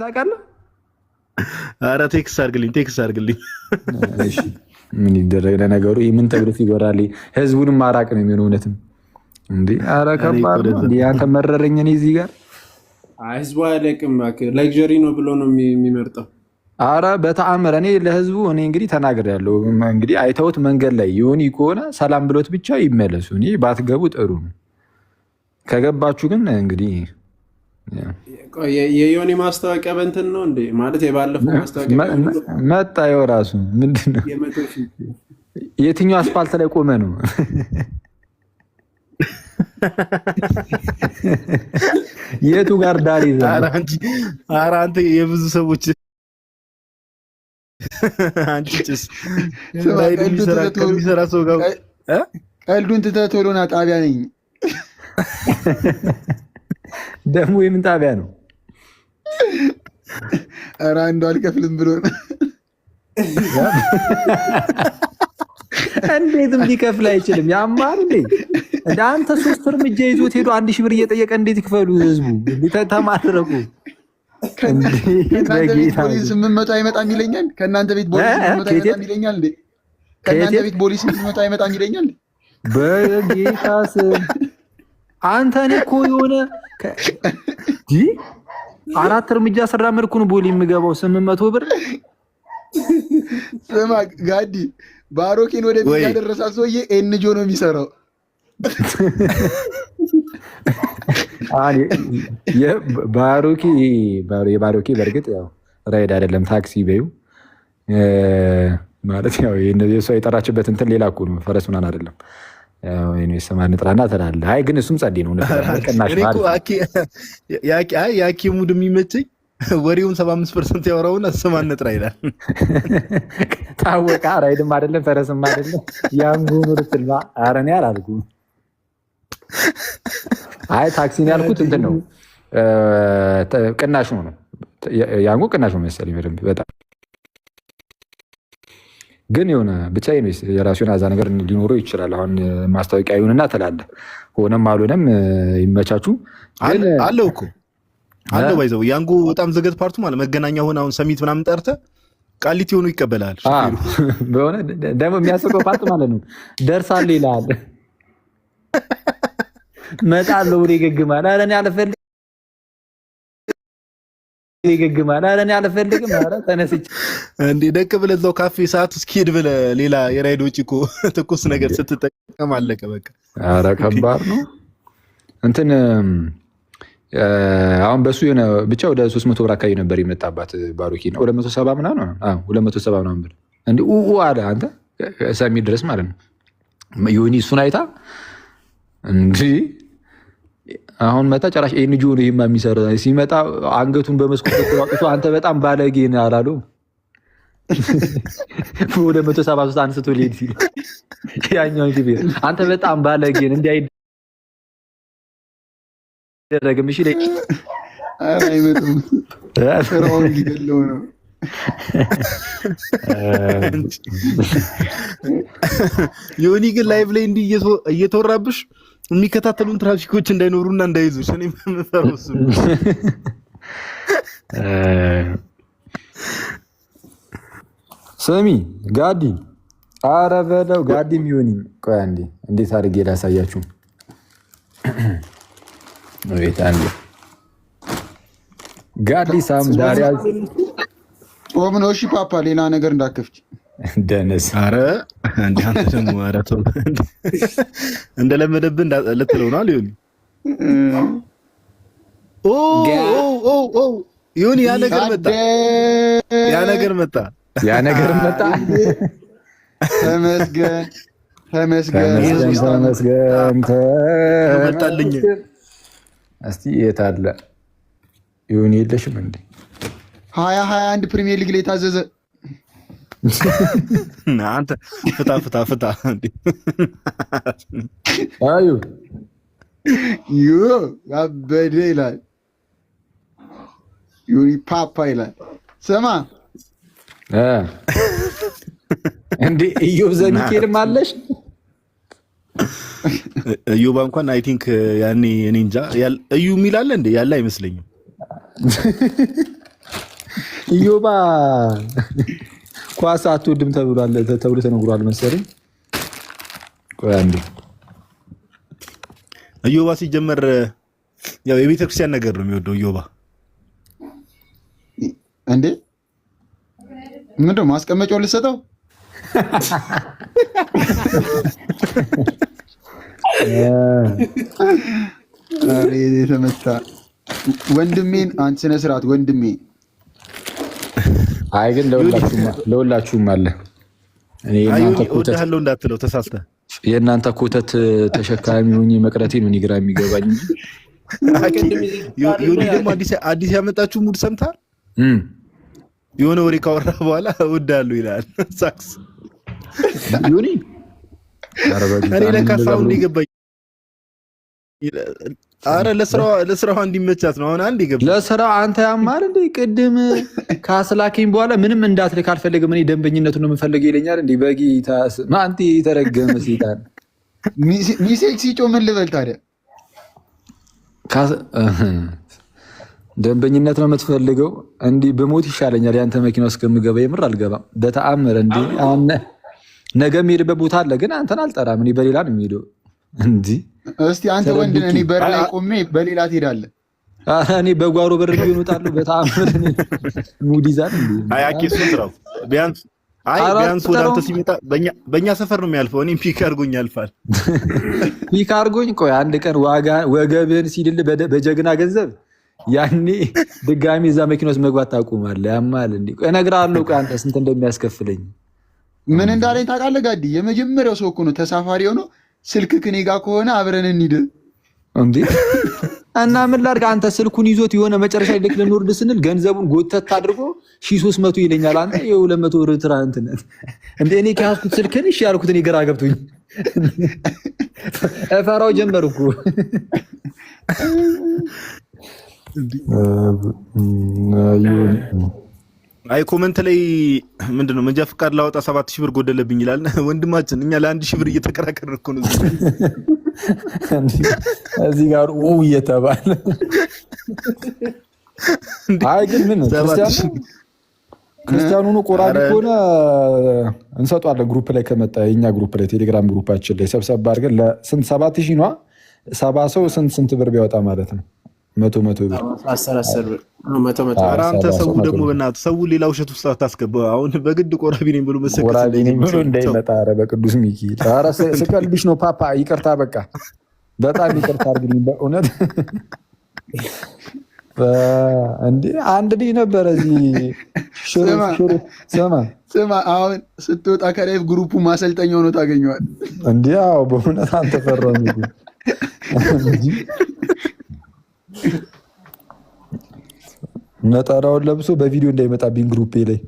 ታውቃለህ? ኧረ ቴክስት አድርግልኝ፣ ቴክስት አድርግልኝ። ምን ይደረግ ለነገሩ ምን ተብሎ ይወራል? ህዝቡንም ማራቅ ነው የሚሆነው። እውነትም እንዴ! ኧረ ከባድ ያንተ መረረኝ። እኔ እዚህ ጋር ህዝቡ አያለቅም፣ ለግሪ ነው ብሎ ነው የሚመርጠው። አረ በተአምር እኔ ለህዝቡ እኔ እንግዲህ ተናግር ያለው እንግዲህ አይተውት መንገድ ላይ ይሁን ከሆነ ሰላም ብሎት ብቻ ይመለሱ። እኔ ባትገቡ ጥሩ ነው። ከገባችሁ ግን እንግዲህ የዮኒ ማስታወቂያ በንትን ነው እንዴ? ማለት የባለፈው ማስታወቂያ መጣ። ይኸው ራሱ ምንድን ነው? የትኛው አስፋልት ላይ ቆመ ነው? የቱ ጋር ዳር ይዘህ? ኧረ አንተ የብዙ ሰዎች አንቺስ ከሚሰራ ሰው ጋር ቀልዱን ትተህ ቶሎ ና ጣቢያ ነኝ። ደግሞ የምን ጣቢያ ነው? ኧረ አንዱ አልከፍልም ብሎ እንዴትም ሊከፍል አይችልም። ያማር እንዴ እንደ አንተ ሶስት እርምጃ ይዞት ሄዶ አንድ ሺህ ብር እየጠየቀ እንዴት ይክፈሉ? ህዝቡ ተማረቁ። ከእናንተ ስምንት መቶ አይመጣም ይለኛል። ከእናንተ ቤት ፖሊስ ስምንት መቶ ከእናንተ ቤት ፖሊስ ስምንት መቶ አይመጣም ይለኛል። በጌታ ስም አንተ እኔ እኮ የሆነ አራት እርምጃ ስራመድኩ ነው ቦሌ የሚገባው። ስምንት መቶ ብር ስማ ጋዲ ባሮኬን ወደ ቤት ያደረሳ ሰውዬ ኤንጆ ነው የሚሰራው። ባሮኬ የባሮኬ በእርግጥ ያው ራይድ አይደለም ታክሲ በዩ ማለት ያው የእሷ የጠራችበት እንትን ሌላ እኮ ነው፣ ፈረስ ምናምን አይደለም። ሰማ ንጥራና ተላለ አይ ግን እሱም ጸዴ ነው። የአኪሙ ሙድ የሚመቸኝ ወሬውን ሰባ አምስት ፐርሰንት ያወራውና ሰማን ነጥራ ይላል። ታወቀ ራይድም አይደለም ፈረስም አይደለም የአንጉኑ ልትልማ አረን እኔ አላልኩም። አይ ታክሲን ያልኩት እንትን ነው ቅናሽ ነው። የአንጉ ቅናሹ መሰለኝ በደምብ በጣም ግን የሆነ ብቻ የራሱን አዛ ነገር ሊኖሩ ይችላል። አሁን ማስታወቂያ ይሁንና ትላለህ። ሆነም አልሆነም ይመቻቹ አለው እኮ አለው ባይዘው ያንጉ በጣም ዘገት ፓርቱ ማለት መገናኛ ሆነ አሁን ሰሚት ምናምን ጠርተ ቃሊት የሆኑ ይቀበላል። በሆነ ደግሞ የሚያስቀው ፓርቱ ማለት ነው ደርሳለሁ ይላል መጣለሁ ወደ ይገግማል። ኧረ ያለፈል ይገግማል አረ እኔ አልፈልግም። አረ ተነስቼ እንደ ደቅ ብለህ እዛው ካፌ ሰዓት እስኪሄድ ብለህ ሌላ የራይድ ወጪ እኮ ትኩስ ነገር ስትጠቀም አለቀ በቃ። ከባድ ነው እንትን አሁን በሱ የሆነ ብቻ ወደ ሶስት መቶ ብር አካባቢ ነበር የመጣባት ባሮኪ ነው ሁለት መቶ ሰባ ምናምን ሁለት መቶ ሰባ ምናምን ብር ኡ አለ አንተ ሰሚ ድረስ ማለት ነው ዮኒ እሱን አይታ እንዲህ አሁን መጣ ጨራሽ ኤንጂኦ ነው ይሄማ የሚሰራ ሲመጣ አንገቱን በመስኮት በኩል አንተ በጣም ባለጌ ነህ አላሉ። ወደ መቶ ሰባ ሶስት አንስቶ ሊሄድ ሲል ያኛውን ጊዜ አንተ በጣም ባለጌ ነህ እንዲህ አይደረግም። እሺ አይመጡም። ስራውን ሊገለው ነው ዮኒ ግን ላይቭ ላይ እንዲህ እየተወራብሽ የሚከታተሉን ትራፊኮች እንዳይኖሩና እንዳይዙ እኔ የምፈራው እሱ ስሚ ጋዲ አረ በለው ጋዲ የሚሆን ቆይ አንዴ እንዴት አድርጌ ላሳያችሁ ቤት አንዴ ጋዲ ሳም ዳሪያ ኦምኖሺ ፓፓ ሌላ ነገር እንዳከፍች ደነስ አረ እንደ አንተ ደግሞ አረ ተው እንደለመደብህ ልትለው ነው ይሁን ያ ነገር መጣ ያ ነገር መጣ ያ ነገር መጣ ተመስገን ተመስገን ተመስገን ተመጣልኝ እስቲ የት አለ ይሁን የለሽም እንዴ ሀያ ሀያ አንድ ፕሪሚየር ሊግ ላይ ታዘዘ አንተ ፍታ ፍታ ፍታ። አዩ ዩ አበደ ይላል ዩሪ ፓፓ ይላል። ስማ እንዴ እዮብ ዘሚካኤልም አለሽ? እዮባ እንኳን አይ ቲንክ ያኔ እኔ እንጃ እዩ የሚል አለ እንዴ? ያለ አይመስለኝም። እዮባ ኳስ አትወድም ተብሏል ተብሎ ተነግሯል መሰለኝ። ቆይ አንዴ እዮባ ሲጀመር ያው የቤተ ክርስቲያን ነገር ነው የሚወደው እዮባ እንዴ ምንድነው ማስቀመጫው ልሰጠው የተመታ ወንድሜን አንድ ስነ ስርዓት ወንድሜ አይ ግን ለሁላችሁም አለ። ወዳለው እንዳትለው ተሳስተ የእናንተ ኮተት ተሸካሚ ሆኜ መቅረቴ ነው ግራ የሚገባኝ። ዮኒ ደግሞ አዲስ ያመጣችሁ ሙድ ሰምታል። የሆነ ወሬ ካወራ በኋላ እወዳለሁ ይላል ሳክስ ዮኒ። እኔ ለካ ሳውንድ የገባኝ አረ ለስራዋ እንዲመቻት ነው። አሁን አንድ ይገባ ለስራ አንተ ያማር እንዴ? ቅድም ካስላኪኝ በኋላ ምንም እንዳትልክ አልፈለግም። እኔ ደንበኝነቱ ነው የምፈልገው ይለኛል። እንዴ? በጊ ማንቲ የተረገመ ሴጣን ሚሴክ ሲጮ ምን ልበል ታዲያ? ደንበኝነት ነው የምትፈልገው? እንዲ በሞት ይሻለኛል ያንተ መኪና እስከምገባ። የምር አልገባም በተአምር። እንዲ አሁን ነገ የሚሄድበት ቦታ አለ፣ ግን አንተን አልጠራም። እኔ በሌላ ነው የሚሄደው እንዲህ እስቲ አንተ ወንድ ነህ። እኔ በር ላይ ቆሜ በሌላ ትሄዳለህ። እኔ በጓሮ በር ይወጣሉ። በጣም ሙድ ይዛል። አይ እሱን ስራው ቢያንስ አይ ቢያንስ ወደ አንተ ሲመጣ በእኛ ሰፈር ነው የሚያልፈው። እኔም ፒክ አድርጎኝ ያልፋል። ፒክ አድርጎኝ ቆይ አንድ ቀን ዋጋ ወገብህን ሲድል በጀግና ገንዘብ ያኔ ድጋሚ እዛ መኪና ውስጥ መግባት ታቆማለህ። ያማል እንዲ እነግርሃለሁ። ቆይ አንተ ስንት እንደሚያስከፍለኝ ምን እንዳለኝ ታውቃለህ? ጋዲ የመጀመሪያው ሰው እኮ ነው ተሳፋሪ ሆኖ ስልክ ክኔ ጋር ከሆነ አብረን እንሂድ እንዴ እና ምን ላድርግ? አንተ ስልኩን ይዞት የሆነ መጨረሻ ልክ ልንወርድ ስንል ገንዘቡን ጎተት አድርጎ ሺ ሶስት መቶ ይለኛል። አንተ የሁለት መቶ ብር ትራንትነት እንደ እኔ ከያዝኩት ስልክን እሺ ያልኩት እኔ ግራ ገብቶኝ እፈራው ጀመር እኮ ይሁን አይ ኮመንት ላይ ምንድን ነው መንጃ ላወጣ ሰባት ሺህ ብር ጎደለብኝ ይላል ወንድማችን። እኛ ለአንድ ሺህ ብር እየተከራከርን እኮ ነው እዚህ ጋር ው እየተባለ። አይ ግን ምን ክርስቲያኑ ሆኖ ቆራቢ ከሆነ እንሰጧለን። ግሩፕ ላይ ከመጣ የኛ ግሩፕ ላይ ቴሌግራም ግሩፓችን ላይ ሰብሰብ አድርገን ለስንት ሰባት ሺህ ነዋ ሰባ ሰው ስንት ስንት ብር ቢያወጣ ማለት ነው መቶ መቶ ብር አንተ ሰው ደግሞ በእናትህ ሰው ሌላ ውሸት ውስጥ አታስገባ። አሁን በግድ ቆራቢ ነኝ ብሎ መሰከስ እንዳይመጣ። ኧረ በቅዱስ ሚካኤል ስቀልድሽ ነው ፓፓ። ይቅርታ በቃ በጣም ይቅርታ አድርግልኝ በእውነት እንደ አንድ ልጅ ነበረ እዚህ ስማ አሁን ስትወጣ ከላይፍ ግሩፑ ማሰልጠኛ ሆኖ ታገኘዋል። እንዲህ በእውነት አንተ ፈራ ነጠራውን ለብሶ በቪዲዮ እንዳይመጣብኝ ግሩፔ ላይ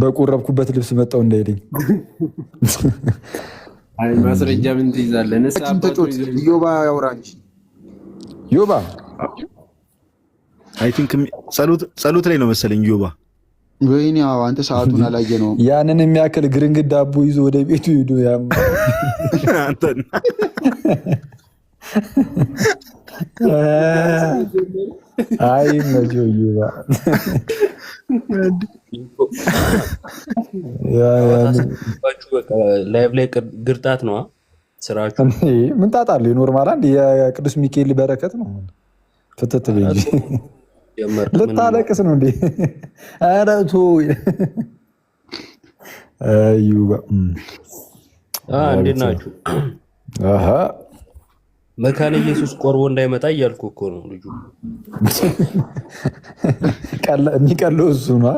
በቆረብኩበት ልብስ መጣው እንዳይለኝ ማስረጃ ምን ትይዛለህ? ዮባ ያውራ እንጂ ዮባ አይ ቲንክ ጸሎት ላይ ነው መሰለኝ ዮባ። ወይኔ አዎ፣ አንተ ሰዓቱን አላየ ነው። ያንን የሚያክል ግርንግድ ዳቦ ይዞ ወደ ቤቱ ሄዱ። ያም አይ መቼው ላይቭ ላይ ግርጣት ነው ስራችሁ። ምንጣጣ አለ ኖርማል። አንድ የቅዱስ ሚካኤል በረከት ነው። ፍትት ብዬ ልታለቅስ ነው እንዴ? ኧረ ተው ዩባ እንዴት ናችሁ? መካነ ኢየሱስ ቆርቦ እንዳይመጣ እያልኩ እኮ ነው። ልጁ የሚቀለው እሱ ነው።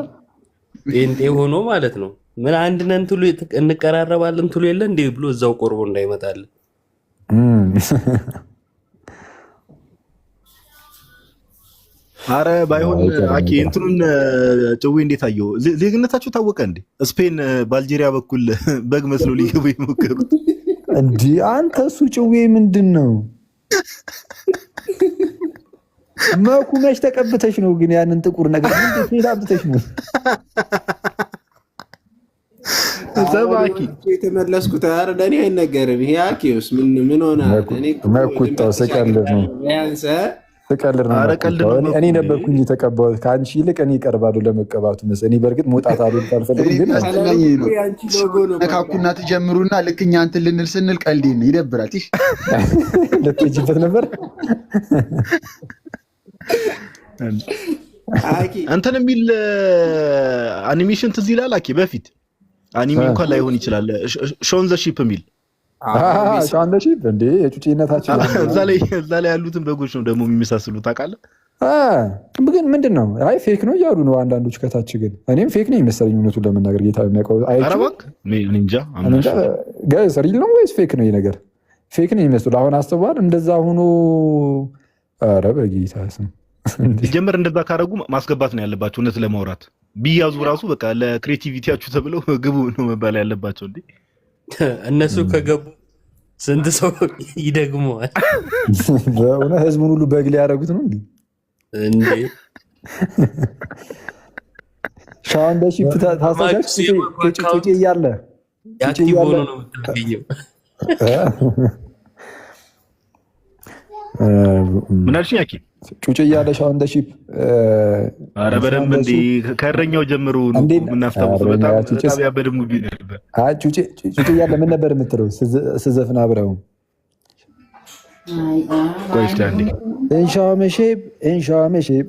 ጴንጤ ሆኖ ማለት ነው። ምን አንድ ነን ትሉ እንቀራረባለን ትሉ የለ እንዴ ብሎ እዛው ቆርቦ እንዳይመጣለን። አረ ባይሆን አኪ እንትኑን ጭዊ እንዴት አየው? ዜግነታቸው ታወቀ እንዴ? ስፔን በአልጄሪያ በኩል በግ መስሎ ሊገቡ የሞከሩት እንዲህ አንተ እሱ ጭዌ ምንድን ነው? መኩ መች ተቀብተሽ ነው ግን ያንን ጥቁር ነገር ሴት ነው ሰባኪ የተመለስኩት። ኧረ ለእኔ አይነገርም። ይሄ አኪውስ ምን ሆነ? መኩ ተው ስቀልድ ነው ተቀልድ ነው። እኔ ነበርኩኝ የተቀባሁት ከአንቺ ይልቅ እኔ ቀርባሉ ለመቀባቱ መሰለኝ። እኔ በእርግጥ መውጣት አሉ አልፈልግም፣ ግን ነካኩና ትጀምሩና ልክ እኛ እንትን ልንል ስንል ቀልዴን ይደብራል። ልትሄጂበት ነበር እንትን የሚል አኒሜሽን ትዝ ይላል። አኬ በፊት አኒሜ እንኳን ላይሆን ይችላል ሾን ዘ ሺፕ የሚል ጫነሽ እንዴ የጩጭነታችን እዛ ላይ ያሉትን በጎች ነው ደግሞ የሚመሳስሉ ታውቃለህ። ግን ምንድን ነው አይ ፌክ ነው እያሉ ነው አንዳንዶች ከታች። ግን እኔም ፌክ ነው የመሰለኝ እውነቱን ለመናገር ጌታ የሚያውቀው ሪል ነው ወይስ ፌክ ነው? ይሄ ነገር ፌክ ነው የሚመስሉ አሁን አስተዋል እንደዛ ሆኖ ኧረ በጌታ ስም ጀመር እንደዛ ካደረጉ ማስገባት ነው ያለባቸው እውነት ለማውራት ቢያዙ ራሱ በቃ ለክሬቲቪቲያችሁ ተብለው ግቡ ነው መባል ያለባቸው እንዴ እነሱ ከገቡ ስንት ሰው ይደግመዋል? በእውነት ህዝቡን ሁሉ በግ ሊያደርጉት ነው እንዴ? እንዴ ሻንደሺፕ ታሳሽ እያለ ምን አልሽኝ? ጩጭ እያለ ሻንደሺፕ አረ በደንብ እንዲ ከእረኛው ጀምሩ ምናፍታቡት ነበር። እያለ ምን ነበር የምትለው ስዘፍን አብረው እንሻ መሼብ እንሻ መሼብ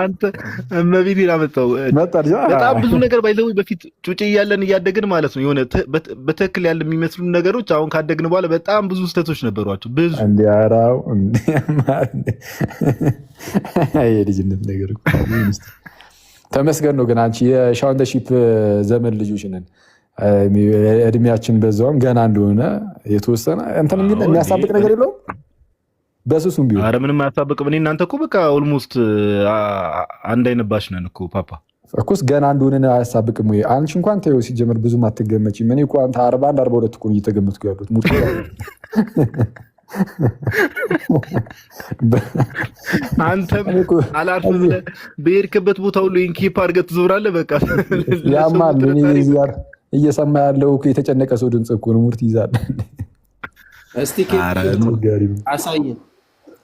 አንተ እመቤቴ ናመጣው በጣም ብዙ ነገር ባይዘው በፊት ጩጭ እያለን እያደግን ማለት ነው የሆነ በትክክል ያለ የሚመስሉ ነገሮች አሁን ካደግን በኋላ በጣም ብዙ ስህተቶች ነበሯቸው። ብዙ እንዲያራው የልጅነት ነገር ተመስገን ነው። ግን አንቺ የሻውንደሺፕ ዘመን ልጆች ነን። እድሜያችን በዛውም ገና እንደሆነ የተወሰነ እንትን የሚያሳብቅ ነገር የለውም በሱሱም ቢሆን ኧረ ምንም አያሳብቅም። እኔ እናንተ እኮ በቃ ኦልሞስት አንድ አይነት ባሽ ነን እኮ ፓፓ። እኮስ ገና እንደሆነን አያሳብቅም ወይ? አንቺ እንኳን ተይው ሲጀምር ብዙም አትገመችም። እኔ እኮ አንተ አርባ አንድ አርባ ሁለት እኮ እየተገመትኩ ያሉት ሙር አንተም አላርፍ ብለህ በሄድክበት ቦታ ሁሉ ኢንኪፕ አድርገህ ትዞራለህ። በቃ ያማል። እየሰማ ያለው የተጨነቀ ሰው ድምፅ እኮ ነው። ሙርት ይዛል። እስቲ አሳየን።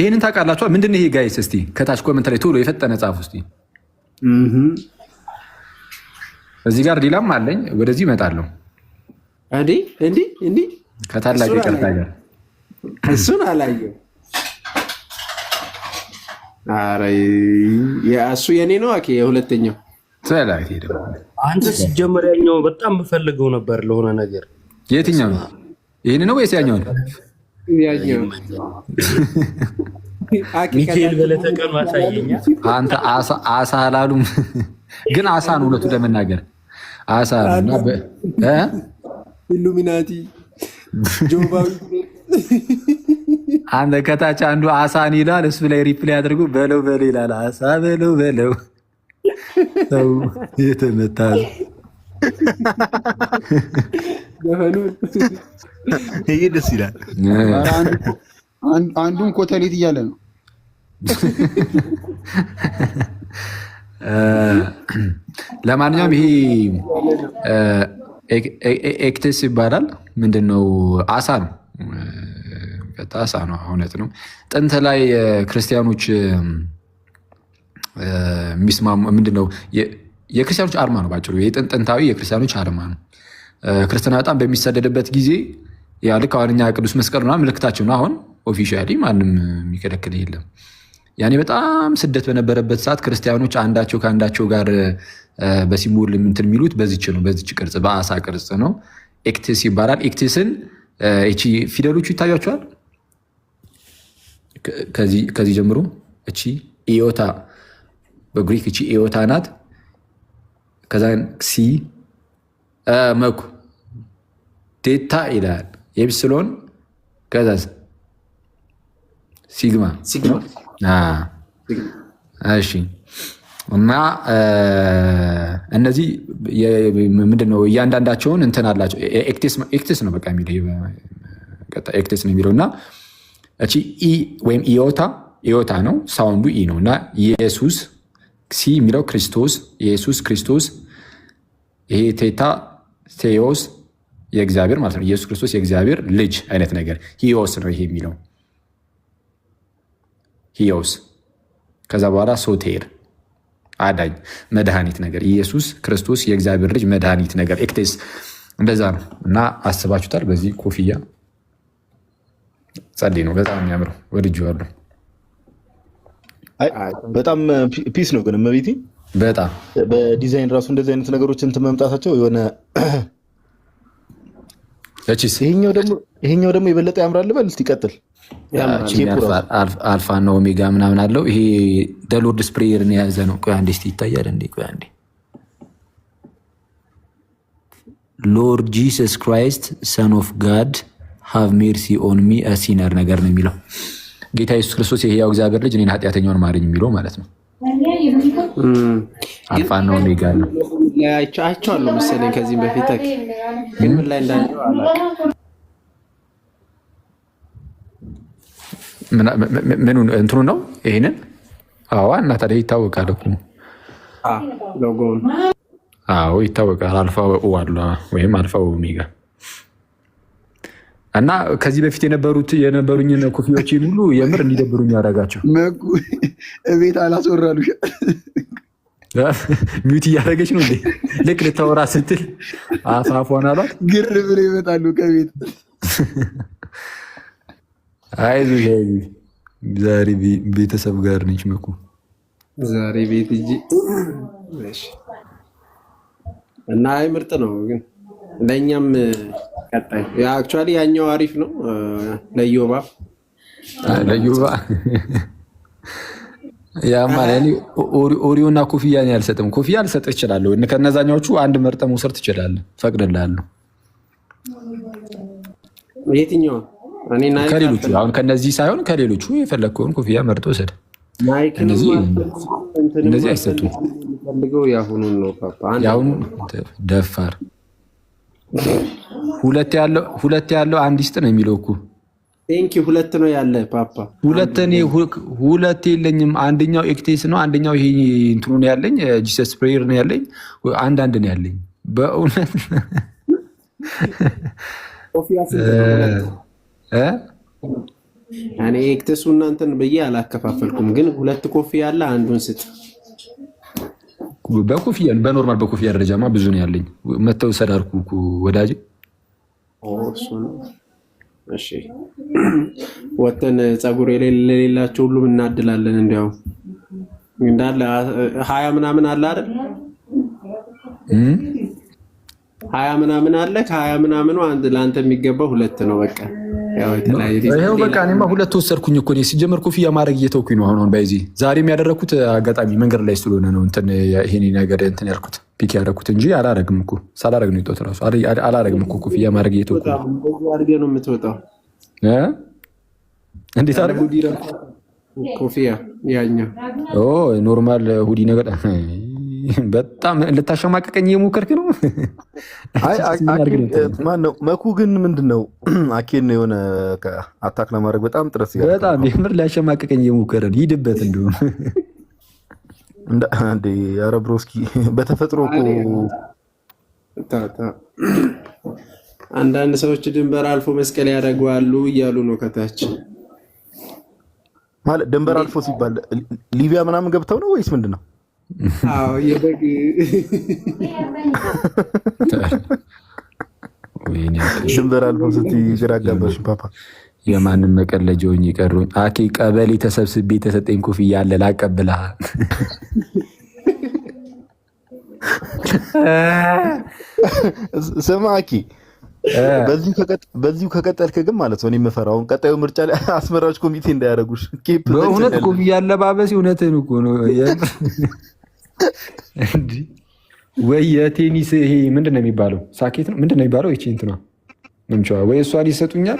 ይህንን ታውቃላችኋል? ምንድን ይሄ ጋይስ? እስቲ ከታች ኮመንት ላይ ቶሎ የፈጠነ ጻፍ ውስጥ እዚህ ጋር ዲላም አለኝ። ወደዚህ እመጣለሁ። ከታላቅ ይቅርታ ጋር እሱን አላየው። ኧረ እሱ የኔ ነው። አኬ የሁለተኛው አንተ ሲጀመር ያኛው በጣም የምፈልገው ነበር ለሆነ ነገር። የትኛው ነው? ይህን ነው ወይስ ያኛው ነው? ሚካኤል በለተቀኑ አሳየኛ። አንተ አሳ አላሉም ግን አሳ ነው። ሁለቱ ለመናገር አሳ ነው። ኢሉሚናቲ ጆባዊ አንተ ከታች አንዱ አሳን ይላል፣ እሱ ላይ ሪፕላይ አድርጉ በለው በለው ይላል። አሳ በለው በለው ሰው የተመታ ነው። ይህ ደስ ይላል። አንዱን ኮተሌት እያለ ነው። ለማንኛውም ይሄ ኤክቴስ ይባላል። ምንድን ነው? አሳ ነው። አሳ ነው። እውነት ነው። ጥንት ላይ ክርስቲያኖች የሚስማሙ ምንድን ነው? የክርስቲያኖች አርማ ነው። ባጭሩ ጥንታዊ የክርስቲያኖች አርማ ነው። ክርስትና በጣም በሚሰደድበት ጊዜ ያ ልክ አሁን ቅዱስ መስቀል ምናምን ምልክታችን ነው። አሁን ኦፊሻሊ ማንም የሚከለክል የለም። ያኔ በጣም ስደት በነበረበት ሰዓት ክርስቲያኖች አንዳቸው ከአንዳቸው ጋር በሲሞል እንትን የሚሉት በዚች ነው። በዚች ቅርጽ በአሳ ቅርጽ ነው። ኤክቴስ ይባላል። ኤክቴስን እቺ ፊደሎቹ ይታያቸዋል። ከዚህ ጀምሮ እቺ ኤዮታ በግሪክ እቺ ኤዮታ ናት። ከዛን ሲ መኩ ቴታ ይላል። ኤፕስሎን ከዛ ሲግማ እሺ። እና እነዚህ ምንድነው እያንዳንዳቸውን እንትን አላቸው። ኤክቴስ ነው በቃ ኤክቴስ ነው የሚለው እና እቺ ኢ ወይም ኢዮታ ኢዮታ ነው ሳውንዱ ኢ ነው እና ኢየሱስ ሲ የሚለው ክርስቶስ ኢየሱስ ክርስቶስ ይሄ ቴታ ቴዎስ የእግዚአብሔር ማለት ነው። ኢየሱስ ክርስቶስ የእግዚአብሔር ልጅ አይነት ነገር ሂዮስ ነው ይሄ የሚለው ሂዮስ። ከዛ በኋላ ሶቴር አዳኝ፣ መድኃኒት ነገር ኢየሱስ ክርስቶስ የእግዚአብሔር ልጅ መድኃኒት ነገር ኤክቴስ እንደዛ ነው እና አስባችሁታል። በዚህ ኮፍያ ጸሌ ነው በጣም የሚያምረው ወድጄዋለሁ። በጣም ፒስ ነው ግን እመቤቴ በጣም በዲዛይን ራሱ እንደዚህ አይነት ነገሮች እንትን መምጣታቸው የሆነ ይሄኛው ደግሞ የበለጠ ያምራል። በል ይቀጥል። አልፋ እና ኦሜጋ ምናምን አለው። ይሄ ደሎርድ ፕሬየርን የያዘ ነው። ቆይ አንዴ እስኪ ይታያል እንዴ? ቆይ አንዴ ሎርድ ጂሰስ ክራይስት ሰን ኦፍ ጋድ ሃቭ ሜርሲ ኦን ሚ ሲነር ነገር ነው የሚለው ጌታ ኢየሱስ ክርስቶስ የህያው እግዚአብሔር ልጅ እኔን ኃጢአተኛውን ማረኝ የሚለው ማለት ነው። አልፋና ኦሜጋ ነው። አይቼዋለሁ መሰለኝ ከዚህም በፊት ግን ምን ላይ እንዳለ ምኑ እንትኑ ነው። ይህንን አዋ እና ታዲያ ይታወቃል እኮ አዎ ይታወቃል። አልፋ ወይም አልፋ ኦሜጋ እና ከዚህ በፊት የነበሩት የነበሩኝን ኮፊዎች ሁሉ የምር እንዲደብሩኝ ያደረጋቸው እቤት አላስወራሉ ሚዩት እያደረገች ነው እንዴ? ልክ ልታወራ ስትል አፋፏን አሏት። ግር ብሎ ይመጣሉ ከቤት አይዙ ዛሬ ቤተሰብ ጋር ነች መኩ። ዛሬ ቤት እጂ እና አይ ምርጥ ነው ግን ለእኛም ቀጣይ አክቹዋሊ ያኛው አሪፍ ነው። ለዮባ ለዮባ ያማ ለኔ ኦሪዮና ኮፍያ አልሰጥም። ኮፍያ ልሰጥ እችላለሁ። ከነዛኛዎቹ አንድ መርጠ መውሰድ ትችላለህ። ፈቅድልሃለሁ። የትኛው ከሌሎቹ አሁን ከነዚህ ሳይሆን ከሌሎቹ የፈለግከውን ኮፍያ መርጦ ውሰድ። እነዚህ አይሰጡም። የአሁኑን ደፋር ሁለት ያለው ሁለት ያለው አንድ ይስጥ ነው የሚለው እኮ ቴንኪ ሁለት ነው ያለ ፓፓ ሁለት እኔ ሁለት የለኝም። አንደኛው ኤክቴስ ነው፣ አንደኛው ይሄ እንትኑ ነው ያለኝ፣ ጂሰስ ፕሬየር ነው ያለኝ፣ አንድ አንድ ነው ያለኝ። በእውነት እኔ ኤክቴሱ እናንተን ብዬ አላከፋፈልኩም፣ ግን ሁለት ኮፊ ያለ አንዱን ስጥ በኮፍያ በኖርማል በኮፍያ ደረጃማ ብዙ ነው ያለኝ። መተው ሰዳርኩ ወዳጅ ወተን ጸጉር ለሌላቸው ሁሉም እናድላለን። እንዲያው እንዳለ ሀያ ምናምን አለ አይደል? ሀያ ምናምን አለ። ከሀያ ምናምኑ ለአንተ የሚገባው ሁለት ነው በቃ ይኸው በቃ እኔማ ሁለት ወሰድኩኝ እኮ ሲጀመር ኮፍያ ማድረግ እየተውኩኝ ነው። አሁን በይዚ ዛሬም ያደረግኩት አጋጣሚ መንገድ ላይ ስለሆነ ነው ይሄን ነገር እንትን ያልኩት ፒክ ያደረግኩት እንጂ አላረግም እኮ ሳላረግ ነው ይጦት ራሱ አላረግም እኮ ኮፍያ ማድረግ እየተውኩ ነው። አድርገህ ነው የምትወጣው? እንዴት አደረግኩት ኮፍያ ያኛው ኖርማል ሁዲ ነገር በጣም ልታሸማቀቀኝ የሞከርክ ነው። መኩ ግን ምንድን ነው አኬን የሆነ አታክ ለማድረግ በጣም ጥረት በጣም የምር ሊያሸማቀቀኝ የሞከረ ሂድበት። እንዲሁም ኧረ ብሮ በተፈጥሮ አንዳንድ ሰዎች ድንበር አልፎ መስቀል ያደርገዋሉ እያሉ ነው ከታች ማለት ድንበር አልፎ ሲባል ሊቢያ ምናምን ገብተው ነው ወይስ ምንድን ነው? ሽንበር አልፎ ስትይ ግራ አጋባሽ። ፓፓ የማንም መቀለጃ ይቀሩኝ ቀሩኝ። አኬ ቀበሌ ተሰብስቤ ተሰጠኝ ኮፍያ አለ ላቀብልሃል። ስማ አኪ በዚሁ ከቀጠልክ ግን ማለት ነው የምፈራውን ቀጣዩ ምርጫ ላይ አስመራጭ ኮሚቴ እንዳያደርጉሽ። በእውነት ኮፍያ አለባበሴ እውነትን እኮ ነው። ወይ የቴኒስ ይሄ ምንድን ነው የሚባለው? ሳኬት ነው ምንድን ነው የሚባለው? ይቺ እንትና ምንቸዋ ወይ እሷ ሊሰጡኛል።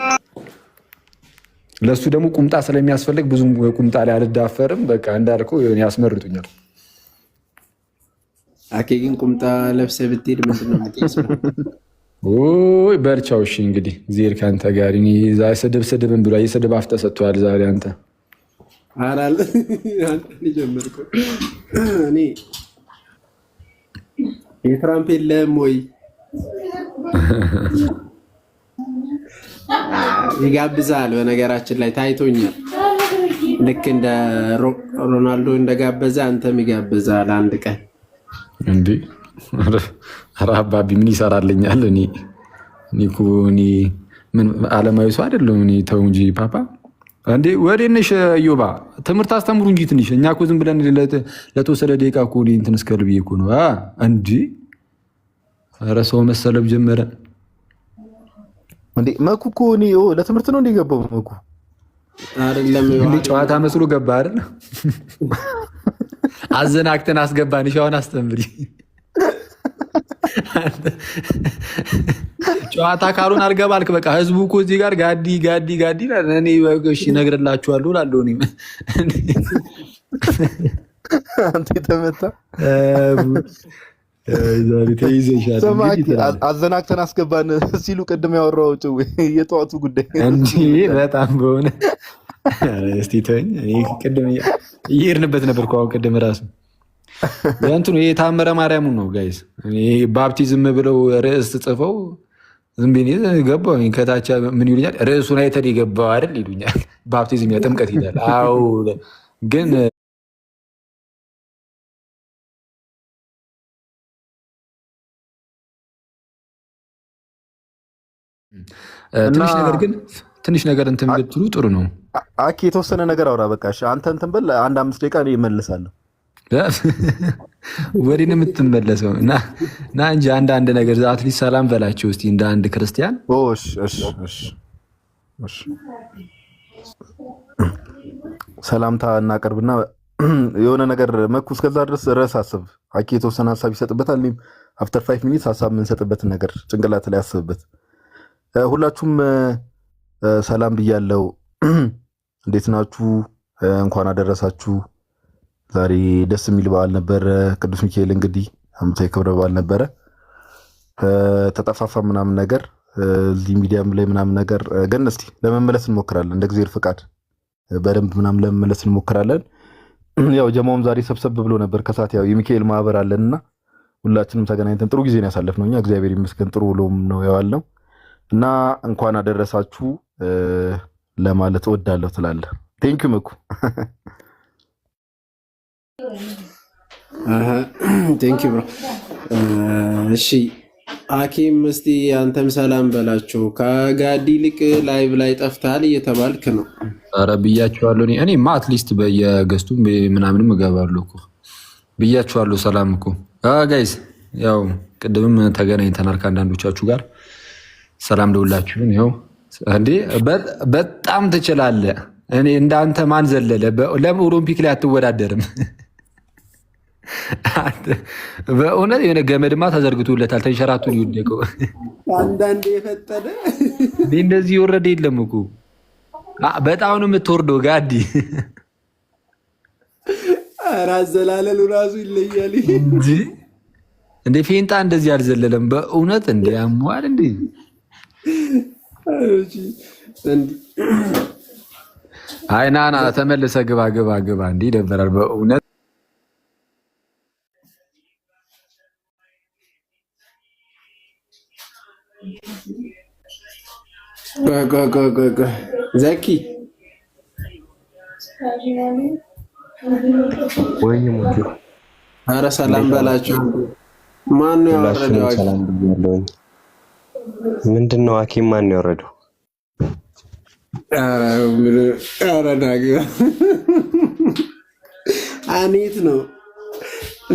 ለእሱ ደግሞ ቁምጣ ስለሚያስፈልግ ብዙም ቁምጣ ላይ አልዳፈርም። በቃ እንዳልከው ያስመርጡኛል። አኬ ግን ቁምጣ ለብሰህ ብትሄድ ምንድነው? በርቻው? እሺ እንግዲህ ዜር ከአንተ ጋር ስድብ ስድብን ብሎ የስድብ አፍ ተሰጥቷል ዛሬ አንተ እኔ የትራምፕ የለም ወይ ይጋብዛል። በነገራችን ላይ ታይቶኛል። ልክ እንደ ሮናልዶ እንደጋበዘ አንተም ይጋብዛል አንድ ቀን። እንዴ ኧረ አባቢ ምን ይሰራልኛል? እኔ እኔ እኮ እኔ ምን አለማዊ ሰው አይደለም እኔ ተው እንጂ ፓፓ እንዴ ወዴ ነሽ እዮባ? ትምህርት አስተምሩ እንጂ ትንሽ። እኛ እኮ ዝም ብለን ለተወሰደ ደቂቃ እኮ እኔ እንትን እስከልብ እኮ ነው። እንዲ ኧረ ሰው መሰለብ ጀመረ። እንዴ መኩ እኮ እኔ ለትምህርት ነው እንደገባው መኩ ጨዋታ መስሎ ገባ አይደል? አዘናግተን አስገባን። ሻውን አስተምሪ ጨዋታ ካሉን አልገባልክ። በቃ ህዝቡ እኮ እዚህ ጋር ጋዲ ጋዲ ጋዲ እኔ እሺ እነግርላችኋለሁ እላለሁ። እኔም አንተ የተመታ አዘናግተን አስገባን ሲሉ ቅድም ያወራው ጭዌ የጠዋቱ ጉዳይ እንዲህ በጣም በሆነ እስቲ ተወኝ። ቅድም እየሄድንበት ነበር እኮ አሁን ቅድም እራሱ እንትኑ ይሄ ታምረ ማርያሙ ነው ጋይስ። ባፕቲዝም ብለው ርዕስ ጽፈው ዝም ብዬ ከታች ምን ይሉኛል? ርዕሱን አይተን የገባው አይደል ይሉኛል። ባፕቲዝም ያ ጥምቀት ይላል። አዎ ግን ትንሽ ነገር ግን ትንሽ ነገር እንትን ብትሉ ጥሩ ነው። አኪ የተወሰነ ነገር አውራ በቃ አንተ እንትን በል አንድ አምስት ደቂቃ እኔ እመልሳለሁ። ወዲን የምትመለሰው እና እንጂ አንድ ነገር አትሊስት ሰላም በላቸው እስቲ እንደ አንድ ክርስቲያን። ሰላምታ እናቀርብና የሆነ ነገር መኩ እስከዛ ድረስ ርዕስ አስብ ሀኪ የተወሰነ ሀሳብ ይሰጥበታል። እኔም አፍተር ፋይቭ ሚኒት ሀሳብ የምንሰጥበትን ነገር ጭንቅላት ላይ አስብበት። ሁላችሁም ሰላም ብያለው። እንዴት ናችሁ? እንኳን አደረሳችሁ ዛሬ ደስ የሚል በዓል ነበረ። ቅዱስ ሚካኤል እንግዲህ ዓመታዊ ክብረ በዓል ነበረ። ተጠፋፋ ምናምን ነገር እዚህ ሚዲያም ላይ ምናምን ነገር ግን እስቲ ለመመለስ እንሞክራለን። እንደ እግዚአብሔር ፍቃድ በደንብ ምናምን ለመመለስ እንሞክራለን። ያው ጀማውም ዛሬ ሰብሰብ ብሎ ነበር ከሰዓት ያው የሚካኤል ማህበር እና ሁላችንም ተገናኝተን ጥሩ ጊዜ ነው ያሳለፍነው። እኛ እግዚአብሔር ይመስገን ጥሩ ውሎም ነው የዋልነው እና እንኳን አደረሳችሁ ለማለት እወዳለሁ ትላለህ። ቴንኪው ምኩ ቴንክ ዩ ብሮ። እሺ ሐኪም እስቲ አንተም ሰላም በላቸው። ከጋዲ ይልቅ ላይቭ ላይ ጠፍታል እየተባልክ ነው። ኧረ ብያቸዋለሁ። እኔማ አትሊስት በየገስቱ ምናምንም እገባለሁ እኮ ብያቸዋለሁ። ሰላም እኮ ጋይዝ፣ ያው ቅድምም ተገናኝተናል ከአንዳንዶቻችሁ ጋር። ሰላም ደውላችሁን። ያው እንዴ በጣም ትችላለህ። እኔ እንዳንተ ማን ዘለለ? ለምን ኦሎምፒክ ላይ አትወዳደርም? በእውነት የሆነ ገመድማ ተዘርግቶለታል። ተንሸራቱን ይወደቀው አንዳንድ የፈጠደ እንደዚህ የወረደ የለም እኮ በጣም ነው የምትወርደው። ጋዲ ኧረ አዘላለሉ ራሱ ይለያል እንጂ እንደ ፌንጣ እንደዚህ አልዘለለም። በእውነት እንደ ያሟል እንደ አይናና ተመልሰ ግባ ግባ ግባ እንዲህ ይደበራል በእውነት ዘኪ አረ ሰላም በላቸው። ማን ነው ያወረደው? ምንድን ነው ሐኪም ማን ነው ያወረደው? አኔት ነው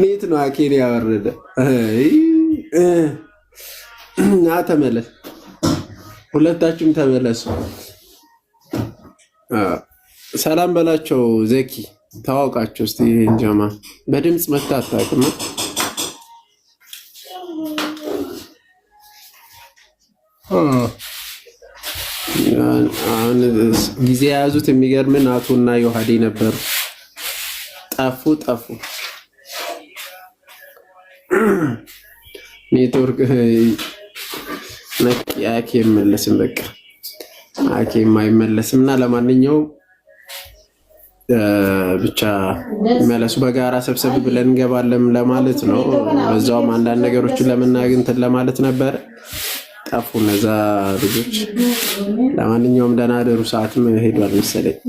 ኔት ነው ሐኪም ያወረደ። ና ተመለስ ሁለታችሁም ተመለሱ። ሰላም በላቸው። ዘኪ ታዋውቃቸው ይህን ጀማ በድምፅ መታ አሁን ጊዜ የያዙት የሚገርምን አቶ እና ዮሐዴ ነበሩ። ጠፉ ጠፉ። ኔትወርክ አኬ አይመለስም። በቃ አኬ አይመለስም እና ለማንኛውም ብቻ መለሱ በጋራ ሰብሰብ ብለን እንገባለን ለማለት ነው። በዛውም አንዳንድ ነገሮችን ለምናግንትን ለማለት ነበር ጠፉ እነዛ ልጆች። ለማንኛውም ደህና ደሩ። ሰዓትም ሄዷል መሰለኝ።